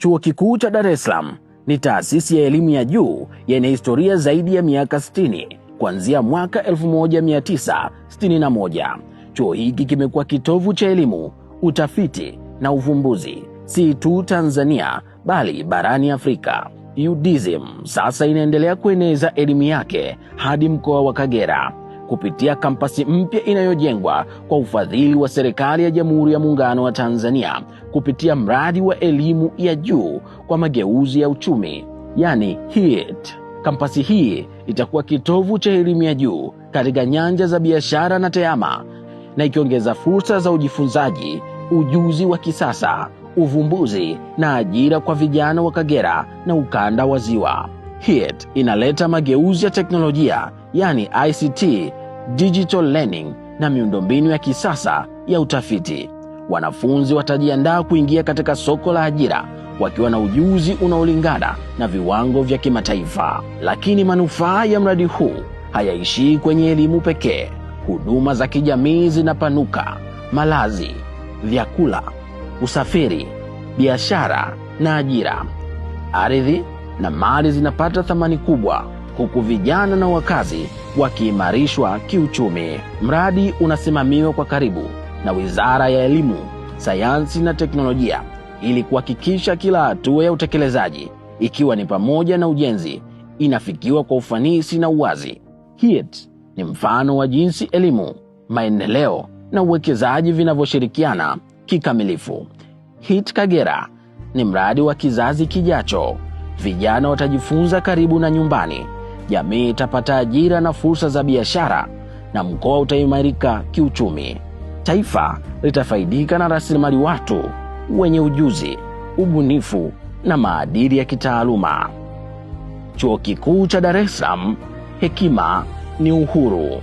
Chuo Kikuu cha Dar es Salaam ni taasisi ya elimu ya juu yenye historia zaidi ya miaka 60 kuanzia mwaka 1961. Chuo hiki kimekuwa kitovu cha elimu, utafiti na uvumbuzi si tu Tanzania bali barani Afrika. UDSM sasa inaendelea kueneza elimu yake hadi mkoa wa Kagera kupitia kampasi mpya inayojengwa kwa ufadhili wa serikali ya Jamhuri ya Muungano wa Tanzania kupitia mradi wa elimu ya juu kwa mageuzi ya uchumi, yani HEET. Kampasi hii itakuwa kitovu cha elimu ya juu katika nyanja za biashara na tehama, na ikiongeza fursa za ujifunzaji, ujuzi wa kisasa, uvumbuzi na ajira kwa vijana wa Kagera na ukanda wa Ziwa. HEET inaleta mageuzi ya teknolojia yani ICT digital learning na miundombinu ya kisasa ya utafiti. Wanafunzi watajiandaa kuingia katika soko la ajira wakiwa na ujuzi unaolingana na viwango vya kimataifa. Lakini manufaa ya mradi huu hayaishii kwenye elimu pekee. Huduma za kijamii zinapanuka: malazi, vyakula, usafiri, biashara na ajira. Ardhi na mali zinapata thamani kubwa huku vijana na wakazi wakiimarishwa kiuchumi. Mradi unasimamiwa kwa karibu na Wizara ya Elimu, Sayansi na Teknolojia ili kuhakikisha kila hatua ya utekelezaji, ikiwa ni pamoja na ujenzi, inafikiwa kwa ufanisi na uwazi. HIET ni mfano wa jinsi elimu, maendeleo na uwekezaji vinavyoshirikiana kikamilifu. HEET Kagera ni mradi wa kizazi kijacho. Vijana watajifunza karibu na nyumbani jamii itapata ajira na fursa za biashara na mkoa utaimarika kiuchumi. Taifa litafaidika na rasilimali watu wenye ujuzi, ubunifu na maadili ya kitaaluma. Chuo Kikuu cha Dar es Salaam, hekima ni uhuru.